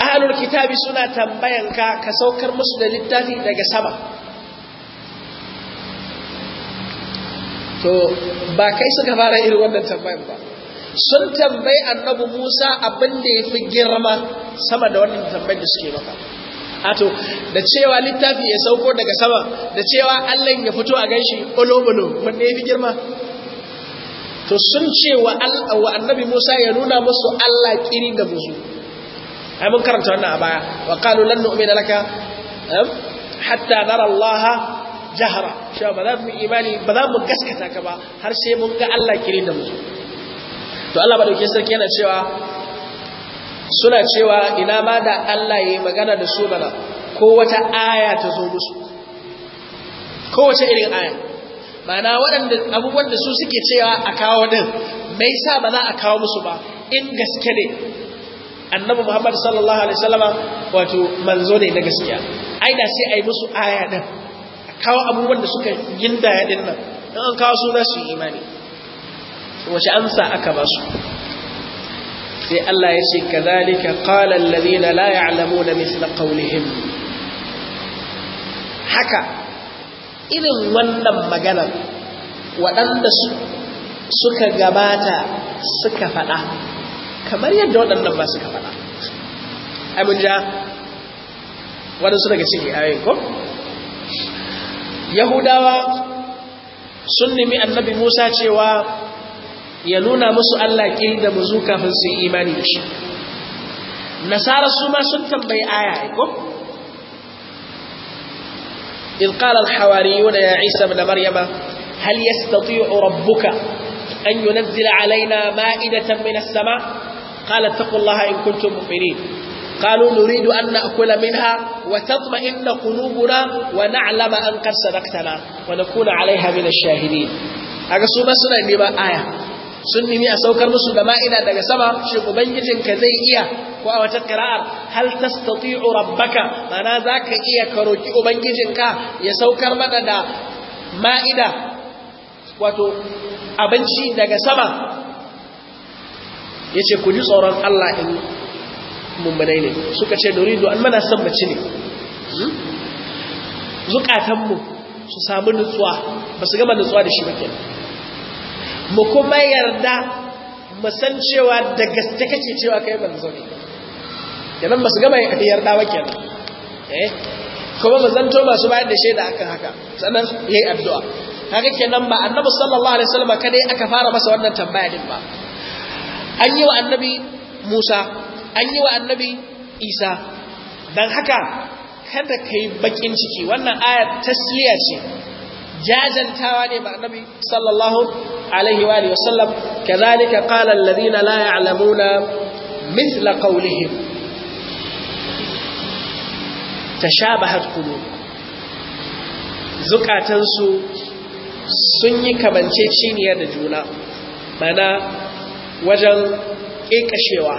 ahlul kitabi suna tambayanka ka saukar musu da littafi daga sama to ba kai suka fara irin wannan tambayan ba sun tambayi annabi Musa abin da ya fi girma sama da wannan tambayar da suke maka. Ato, da cewa littafi ya sauko daga sama, da cewa Allah ya fito a ganshi olobolo, wanda ya fi girma. To sun ce wa annabi Musa ya nuna musu Allah kiri da musu. Ai mun karanta wannan a baya, wa qalu lan da laka eh, hatta nara Allah jahara. Cewa ba za mu imani, ba za mu gaskata ka ba har sai mun ga Allah kiri da musu. to Allah madaukakin sarki yana cewa suna cewa ina ma da Allah yayi magana da su bana ko wata aya ta zo musu ko wace irin aya mana waɗanda abubuwan da su suke cewa a kawo din me yasa ba za a kawo musu ba in gaske ne annabi Muhammad sallallahu alaihi wasallama wato manzo ne na gaskiya ai da sai ai musu aya din kawo abubuwan da suka ya din nan an kawo su za su yi imani wace amsa aka ba su sai Allah ya ce kadhalika qala alladhina la ya'lamuna mithla qawlihim haka irin wannan maganar waɗanda suka gabata suka faɗa kamar yadda waɗannan ba suka faɗa ai ja waɗansu daga ciki ayoyin ko yahudawa sun nemi annabi musa cewa ya nuna musu Allah kiri da muzu kafin su yi imani da shi nasara su ma sun tambayi aya aiko إذ قال الحواريون يا عيسى ابن مريم هل يستطيع ربك أن ينزل علينا مائدة من السماء قال اتقوا الله إن كنتم مؤمنين قالوا نريد أن نأكل منها وتطمئن قلوبنا ونعلم أن قد صدقتنا ونكون عليها من الشاهدين هذا سورة سنة نبا آية sun nemi a saukar musu da ma'ida daga sama shi ka zai iya ko a wata kira'ar hal tastati'u rabbaka mana zaka iya ka roki ubangijinka ya saukar mana da ma'ida wato abinci daga sama yace ku ji tsoron Allah in mummunai ne suka ce nuridu an mana son bace ne hmm? zukatanmu su samu nutsuwa ba su gama nutsuwa da shi ba kenan mu kuma yarda mu cewa da gaske kake cewa kai manzo ne kenan ba su gama yarda ba kenan eh kuma mu zanto masu bayar da shaida akan haka sannan yayi addu'a Haka kenan ba annabi sallallahu alaihi wasallam kadai aka fara masa wannan tambaya din ba an yi wa annabi Musa an yi wa annabi Isa dan haka kada kai bakin ciki wannan ayar tasliya ce jajantawa ne ba annabi sallallahu alaihi wa sallam kadhalika qala alladhina la ya'lamuna mithla qawlihim tashabahat qulub zukatansu sun yi kamanceceniya da juna mana wajen ƙeƙashewa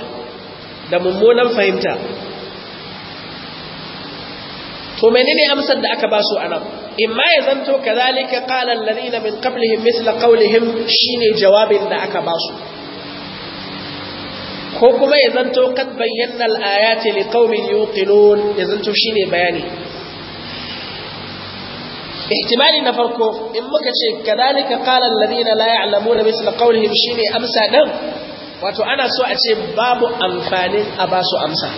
da mummunan fahimta to menene amsar da aka ba su anan in ma ya zanto kadhalika qala alladhina min qablihim mithla qawlihim shine jawabin da aka ba su? ko kuma ya zanto kad bayyana al-ayati liqaumin yuqinun ya zanto shine bayani ihtimali na farko in muka ce kadhalika qala alladhina la ya'lamuna mithla qawlihim shine amsa din wato ana so a ce babu amfanin a ba su amsa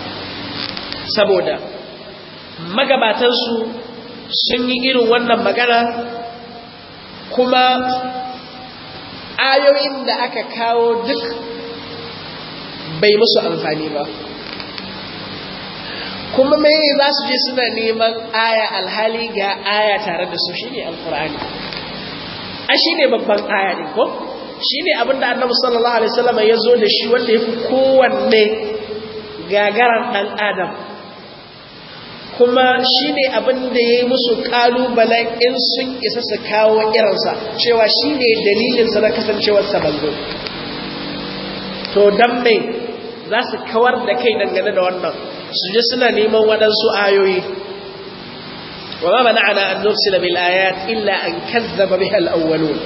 saboda magabatansu sun yi irin wannan magana kuma ayoyin da aka kawo duk bai musu amfani ba kuma mai za su je suna neman aya alhali ga aya tare da su shine alfurani a shine babban aya ne ko shi abin da annabu sallallahu alaihi salama ya zo da shi wanda ya fi kowanne gagarar ɗan adam kuma shi ne abin da ya yi musu ƙalubale in sun isa su kawo irinsa cewa shi ne dalilinsa na kasancewarsa manzo to don me za su kawar da kai dangane da wannan su je suna neman waɗansu ayoyi wa ma mana'ana an nursila bil ayat illa an kazzaba biha awwalun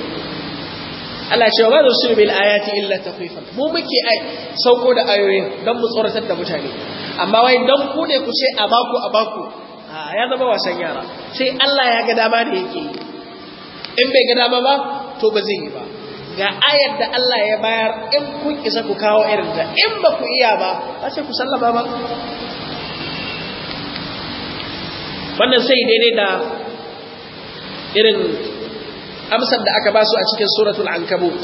Allah ce wa da su bil ayati illa takhifan mu muke ai sauko da ayoyin don mu tsoratar da mutane amma wai don ku ne ku ce a baku a baku ya zama wasan yara sai Allah ya ga dama da yake yi in bai ga dama ba to ba zai yi ba ga ayar da Allah ya bayar in kun isa ku kawo irin ta in ba ku iya ba ba sai ku sallama ba wannan sai daidai da irin amsar da aka ba su a cikin suratul ankabut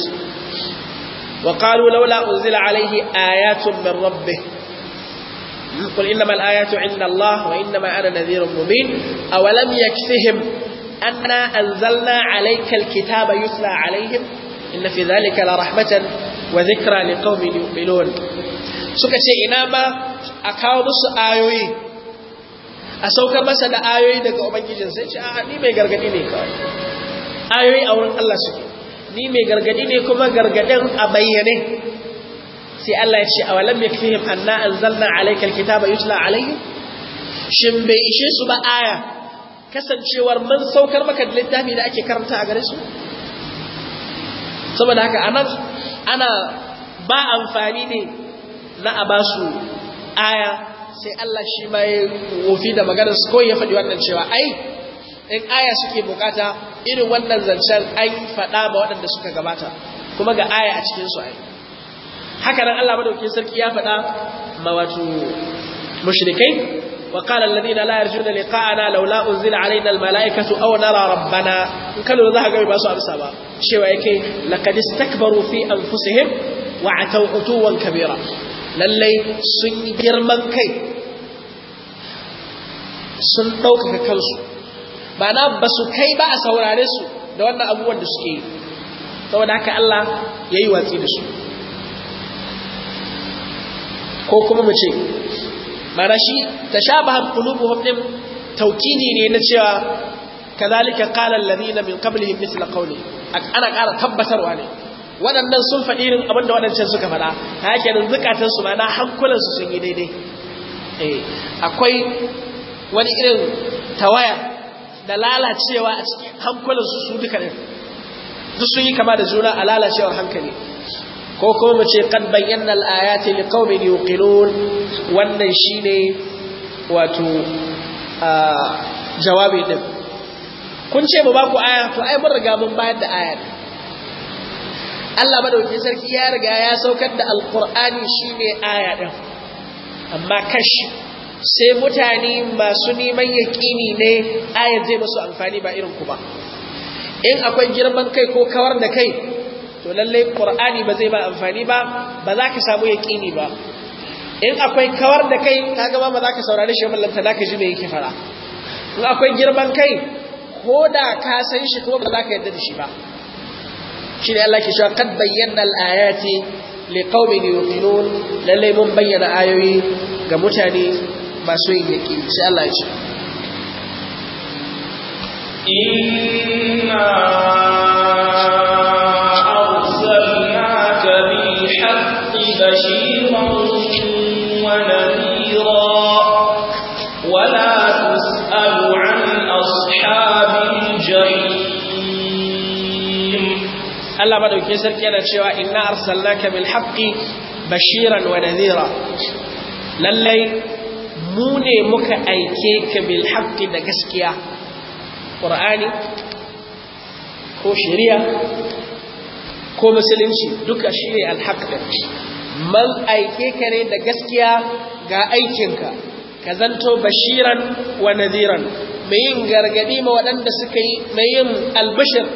wa qalu laula unzila alaihi ayatun min rabbih قل إنما الآيات عند الله وإنما أنا نذير مبين أولم يكفهم أنا أنزلنا عليك الكتاب يتلى عليهم إن في ذلك لرحمة وذكرى لقوم يؤمنون suka ce ina ma a kawo musu ayoyi a saukar masa da ayoyi daga ubangijin sai ce a ni mai gargadi ne kawai ayoyi a wurin Allah suke ni mai gargadi ne kuma gargadin a bayyane sai Allah ya ce a walam yakfihim anna anzalna alaykal yi yutla alayhi shin bai ishe su ba aya kasancewar mun saukar maka da littafi da ake karanta a gare su saboda haka ana ana ba amfani ne na a ba su aya sai Allah shi ma ya wofi da maganar su ko ya faɗi wannan cewa ai in aya suke bukata irin wannan zancen an faɗa ba waɗanda suka gabata kuma ga aya a cikin su ai haka nan Allah madaukakin sarki ya faɗa ma wato mushrikai wa qala alladhina la yarjuna liqa'ana laula unzila alaina almala'ikatu aw nara rabbana in kallo za ka ga ba su amsa ba cewa yake laqad istakbaru fi anfusihim wa ataw utuwan kabira lallai sun girman kai sun ɗaukaka kansu ba na ba su kai ba a saurare su da wannan abubuwan da suke yi saboda haka Allah ya yi watsi da su ko kuma mu ce mana shi ta sha ba Kulubu ɗin taukini ne na cewa kazalika qala alladhina min qablihim mithla qawli ana ƙara tabbatarwa ne waɗannan sun faɗi irin abinda waɗancan suka faɗa ta yake nan zukatan su ma na hankulan su sun yi daidai eh, akwai wani irin tawaya da lalacewa a cikin hankulansu su duka ne duk sun yi kama da juna a lalacewar hankali ko kuma mu ce kan bayyana al'ayati li qaumin yuqinun wannan shine wato a jawabi din kun ce mu ba ku aya to ai mun riga mun bayar da aya Allah madaukakin sarki ya riga ya saukar da alqur'ani shine aya din amma kashi sai mutane masu neman yaƙini ne ayar zai masu amfani ba irin ku ba in akwai girman kai ko kawar da kai to lallai ƙur'ani ba zai ba amfani ba ba za ka samu yaƙini ba in akwai kawar da kai gama ba za ka saurari shi mallanta za ka ji me yake fara in akwai girman kai ko da ka san shi kuma ba za ka yarda da shi ba shi ne Allah ke cewa kad bayyana al-ayati liqaumin yuqinun lallai mun bayyana ayoyi ga mutane masu yin yaƙi sai Allah ce inna arsalnaka bil haqqi bashiran wa nadhira wa la tus'alu an ashabil jahim Allah madaukakin sarki yana cewa inna arsalnaka bil haqqi bashiran wa nadhira lallai mu ne muka aike ka bil haqqi da gaskiya qur'ani ko shari'a ko musulunci duka shi ne haqq man aike ka ne da gaskiya ga aikinka ka zanto bashiran wa nadhiran mai yin gargadi ma waɗanda suka yi mai yin albashir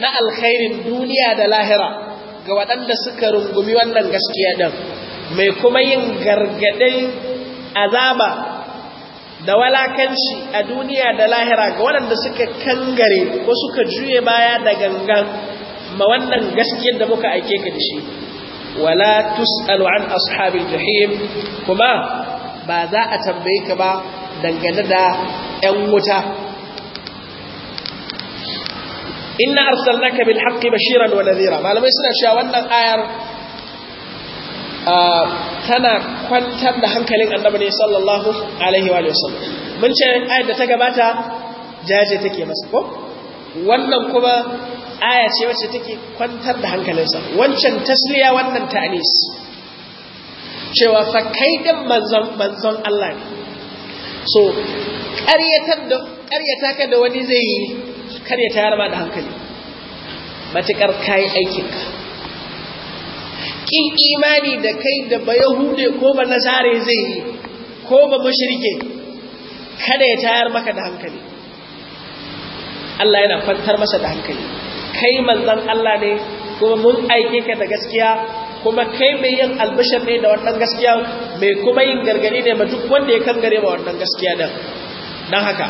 na alkhairin duniya da lahira ga waɗanda suka rungumi wannan gaskiya ɗin mai kuma yin gargadin azaba da walakanci a duniya da lahira ga waɗanda suka kangare ko suka juye baya da gangan ma wannan gaskiyar da muka aike ka da shi wala tus'alu an ashabil jahim kuma ba za a tambaye ka ba dangane da ƴan wuta inna arsalnaka bil haqqi bashiran wa nadhira malamai suna cewa wannan ayar uh, tana kwantar da hankalin annabi ne sallallahu alaihi wa sallam mun ce ayat da ta gabata jaje take masa ko wannan kuma aya ce wacce take kwantar da hankalinsa wancan tasliya wannan ta'anis cewa fa kai din manzon manzon Allah ne so ƙaryatar da ƙaryata ka da wani zai yi ƙaryata ya rama da hankali matuƙar aikin aikinka kin imani da kai da ba yahude ko ba nasare zai yi ko ba mushrike kada ya tayar maka da hankali Allah yana kwantar masa da hankali kai manzon Allah ne kuma mun aike ka da gaskiya kuma kai mai yin albishar ne da wannan gaskiya mai kuma yin gargadi ne ma duk wanda ya kangare ma wannan gaskiya din don haka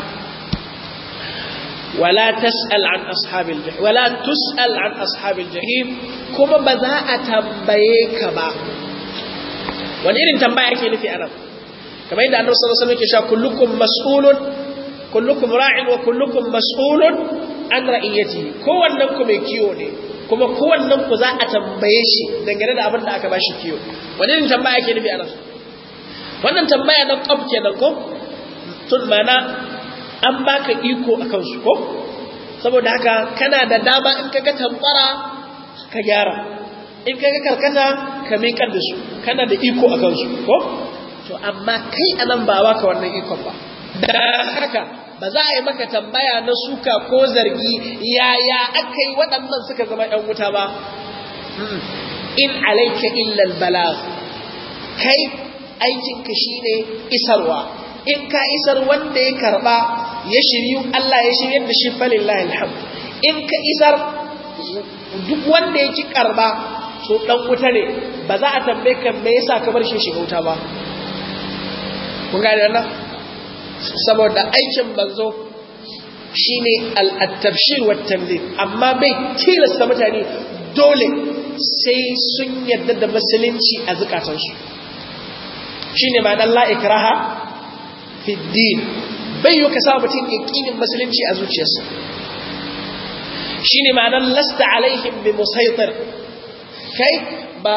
wala tas'al an ashabil jahim wala tus'al an ashabil jahim kuma ba a tambaye ka ba wani irin tambaya ke nufi anan kamar yadda annabi sallallahu alaihi wasallam yake cewa mas'ulun kullukum ra'in wa kullukum mas'ulun an ra'iyatihi kowannen ku mai kiyo ne kuma kowannen za a tambaye shi dangane da aka bashi kiyo wani irin nufi anan wannan tambaya na kwab kenan ko tun mana an baka iko a kansu ko saboda haka kana da dama in ka ga tambara ka gyara in ka ga karkata ka miƙar da su kana da iko a kansu ko to amma kai a nan ba ka wannan ikon ba da haka ba za a yi maka tambaya na suka ko zargi yaya aka yi waɗannan suka zama ɗan wuta ba hmm. in alaika illal bala kai aikinka shine isarwa in ka isar wanda ya karba ya shiryu Allah ya shiryar da shi falillahi alhamd in ka isar duk wanda ya ki karba to dan wuta ne ba za a tambaye ka me yasa ka bar shi shiga wuta ba kun ga wannan saboda aikin banzo shine al-tabshir wa tamlil amma bai tilasta mutane dole sai sun yadda da musulunci a zukatansu shine ma dan la ikraha fiddin bai yi ka sa mutum yaƙinin musulunci a zuciyarsa shine ma'anar lasta alaihim bi musaitar kai ba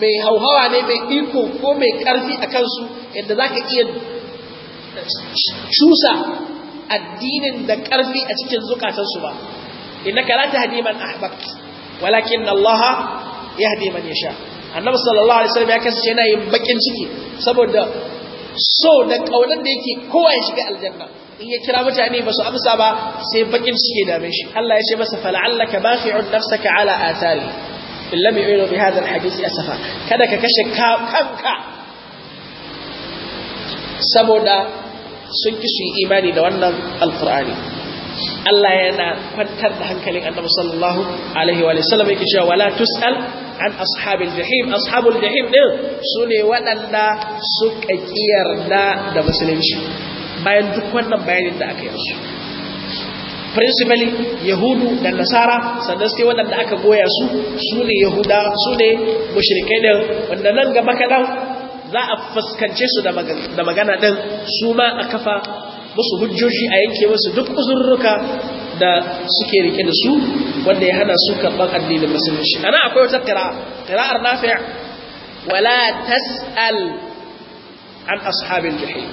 mai hauhawa ne mai iko ko mai ƙarfi a kansu yadda za ka iya cusa addinin da ƙarfi a cikin zukatansu ba innaka la tahdi man ahbabt walakin Allah yahdi man yasha annabi sallallahu alaihi wasallam ya kasance yana yin bakin ciki saboda so da kaunar da yake kowa ya shiga aljanna in ya kira mutane ba su amsa ba sai bakin suke dame shi Allah ya ce masa fala'allaka baqi'un nafsaka ala athari in lam yu'minu bi hadha alhadith asafa kada ka kashe kanka saboda sun ki su imani da wannan alqur'ani Allah yana kwantar da hankalin annabi sallallahu alaihi wa sallam yake cewa wala tusal an ashabil jahim ashabul jahim din sune wadanda suka kiyarda da musulunci bayan duk wannan bayanin da aka yi su principally yahudu da nasara sannan sai waɗanda aka goya su su ne yahuda su ne mushrikai din wanda nan gaba kadan za a fuskance su da magana din su ma a kafa musu hujjoji a yanke musu duk uzurruka da suke rike da su wanda ya hana su karɓar addinin musulunci ana akwai wata qira'a qira'ar nafi' wala tas'al an ashabil jahim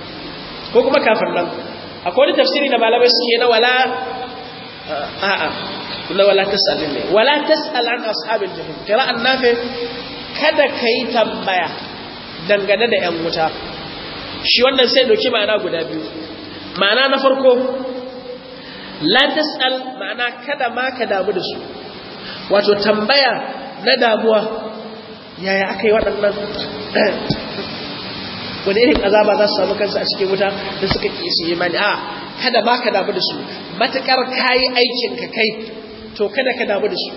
ko kuma kafin nan akwai wani tafsiri da malamai suke na wala a'a kula wala tas'al ne wala tas'al an ashabil jahim qira'ar nafi' kada ka yi tambaya dangane da yan wuta shi wannan sai doki ma'ana guda biyu ma'ana na farko la tas'al ma'ana kada ma ka damu da su wato tambaya na damuwa yaya aka yi waɗannan wani irin azaba za su samu kansu a cikin wuta da suka ke su imani a kada ma ka damu da su matuƙar kayi aikin ka kai to kada ka damu da su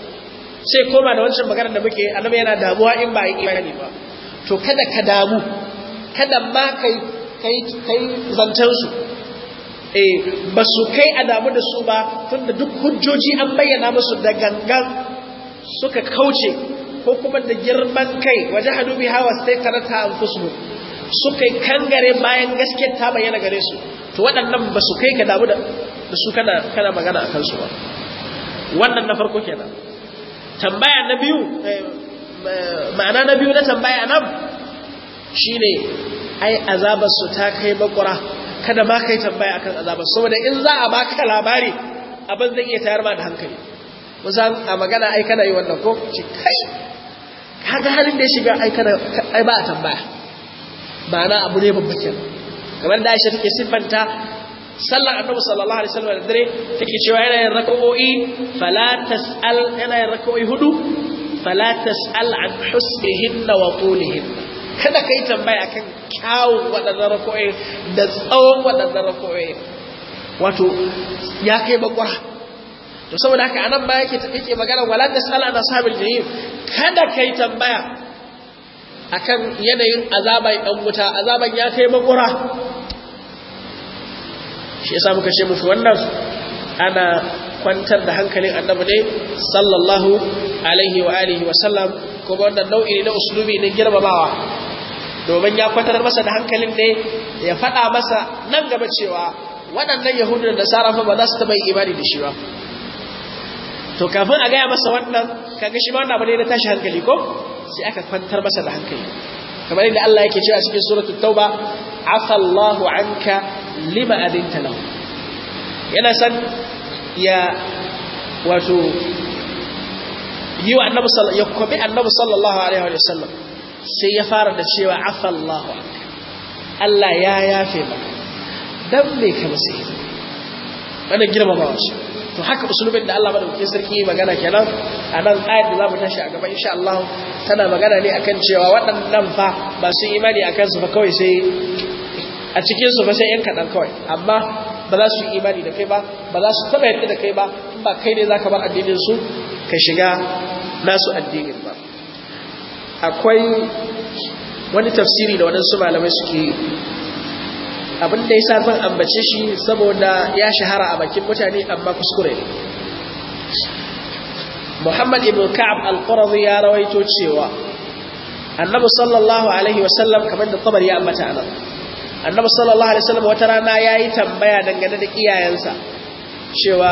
sai koma da wancan magana da muke annabi yana damuwa in ba yi imani ba to kada ka damu kada ma kai kai kai zantansu eh ba su kai a damu da su ba tunda duk hujjoji an bayyana musu da gangan suka kauce ko kuma da girman kai waje hadu bi hawa sai karata anfusuhu suka kangare bayan gaskiyar ta bayyana gare su to waɗannan ba su kai ka damu da su kana kana magana a kansu ba wannan na farko kenan tambaya na biyu eh, ma'ana na biyu na tambaya nan shine ai azabar su ta kai makura kada ma kai tambaya akan azabar saboda in za a baka labari abin zai iya tayar ma da hankali musan a magana ai kana yi wannan ko ci kai kaga halin da ya shiga ai kana ai ba a tambaya ma'ana abu ne babba kenan kamar da Aisha take siffanta sallar annabi sallallahu alaihi wasallam da dare take cewa yana yin rak'o'i fala tasal yana yin rak'o'i hudu fala tasal an husnihin wa tulihin kada kai tambaya akan kyawun waɗannan rako'in da tsawon waɗannan rako'in wato ya kai bakwara to saboda haka anan ba yake tafi ke magana walar da sala na sabil jahim kada ka yi tambaya a kan yanayin azaban ɗan wuta azaban ya kai bakwara shi yasa muka ce mutu wannan ana kwantar da hankalin annabi ne sallallahu alaihi wa alihi wa sallam kuma wannan nau'i ne na usulubi ne girmamawa domin ya kwantar masa da hankalin ne ya faɗa masa nan gaba cewa waɗannan yahudu da nasara fa ba za su taɓa imani da shi ba to kafin a gaya masa wannan kaga shi ma wannan abu ne na tashi hankali ko sai aka kwantar masa da hankali kamar yadda Allah yake cewa cikin suratul tauba afa Allahu anka lima adinta lahu yana san ya wato yi wa annabi sallallahu ya kwabi annabi sallallahu alaihi wa sallam sai ya fara da cewa afallahu Allah ya yafe ba dan me ka musu girma girmamawa shi to haka usulubin da Allah muke sarki magana kenan a nan ayat da zamu tashi a gaba insha Allah tana magana ne akan cewa waɗannan fa ba su imani akan su ba kawai sai a cikin su ba sai yan kaɗan kawai amma ba za su yi imani da kai ba ba za su taɓa yadda da kai ba in ba kai ne zaka bar addinin su ka shiga nasu addinin ba akwai wani tafsiri da waɗansu malamai suke abin da yasa zan ambace shi saboda ya shahara a bakin mutane amma kuskure ne Muhammad ibn Ka'ab al-Qurazi ya rawaito cewa Annabi sallallahu alaihi wa sallam, kamar da Tabari ya ambata anan Annabi sallallahu alaihi wa sallam, wata rana yayi tambaya dangane da iyayensa cewa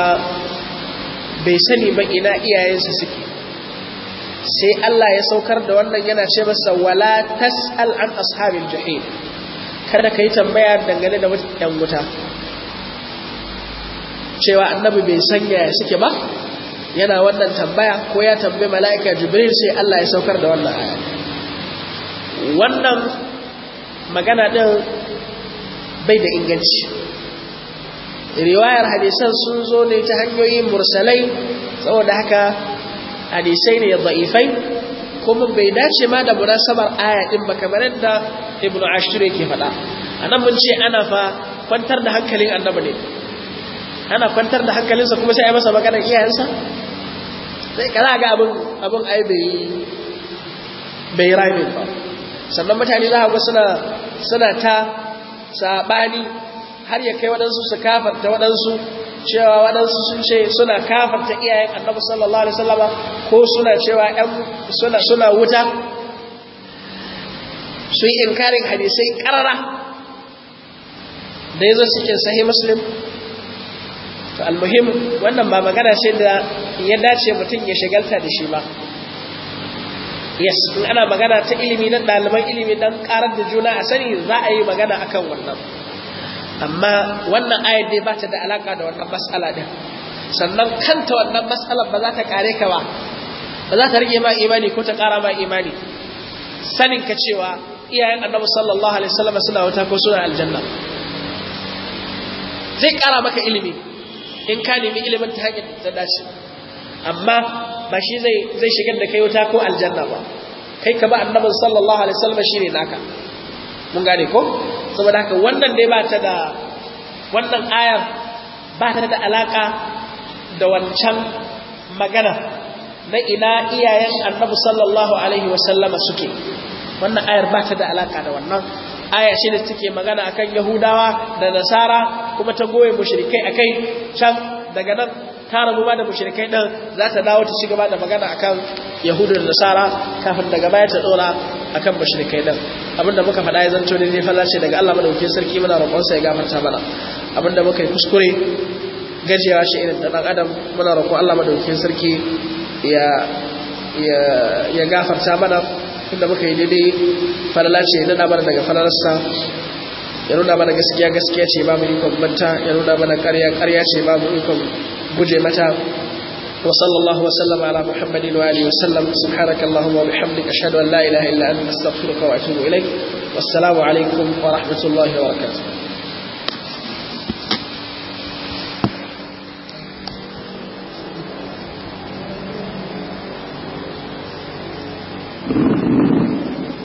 bai sani ba ina iyayensa suke sai Allah ya saukar da wannan yana ce masa wala tas'al an ashabil jahim kada kai tambaya dangane da mutan wuta cewa annabi bai sanya ya suke ba yana wannan tambaya ko ya tambaye mala'ika jibril sai Allah ya saukar da wannan wannan magana din bai da inganci riwayar hadisan sun zo ne ta hanyoyin mursalai saboda haka hadisai ne da'ifai kuma bai dace ma da munasabar aya din ba kamar yadda ibnu ashur yake faɗa anan mun ce ana fa kwantar da hankalin annabi ne ana kwantar da hankalinsa kuma sai ai masa magana iyayensa sai kana ga abin abin ai bai bai rayu ba sannan mutane za ga suna suna ta sabani har ya kai waɗansu su kafarta waɗansu cewa waɗansu sun ce suna kafarta iyayen annabi sallallahu alaihi wasallam ko suna cewa ƴan suna suna wuta su yi inkarin hadisai karara da yazo cikin sahih muslim to almuhim wannan ba magana ce da ya dace mutum ya shagalta da shi ba yes in ana magana ta ilimi na ɗaliban ilimi dan karar da juna a sani za a yi magana akan wannan amma wannan ayar dai ba ta da alaka da wannan mas'ala din sannan kanta wannan matsalar ba za ta kare ka ba ba za ta rage ma imani ko ta kara ma imani sanin ka cewa iyayen annabi sallallahu alaihi wasallam suna wata ko suna aljanna zai kara maka ilimi in ka nemi ilimin ta hanyar da ta dace amma ba shi zai zai shigar da kai wuta ko aljanna ba kai ka ba annabi sallallahu alaihi wasallam shine naka mun gane ko saboda haka wannan dai ba ta da wannan ayar ba ta da alaka da wancan magana na ina iyayen annabi sallallahu alaihi wasallama suke wannan ayar ba ta da alaka da wannan aya shi da take magana akan yahudawa da nasara kuma ta goye mushrikai akai can daga nan ta rabu bada da mushrikai din za ta dawo ta cigaba da magana akan yahudu da nasara kafin daga baya ta dora akan mushrikai din abinda muka faɗa ya zanto ne fa ce daga Allah madaukakin sarki muna roƙon sa ya gafarta mana abinda muka yi kuskure gajiyawa shi irin dan adam muna roƙon Allah madaukakin sarki ya ya ya gafarta mana inda muka yi daidai fa ce da na bar daga falalarsa ya nuna mana gaskiya gaskiya ce babu ikon banta ya nuna mana ƙarya ƙarya ce babu ikon guje mata wa sallallahu wasallam ala muhammadin wa alihi wasallam subhanaka allahumma wa bihamdika ashhadu an la ilaha illa anta astaghfiruka wa atubu ilaik wassalamu alaikum wa rahmatullahi wa barakatuh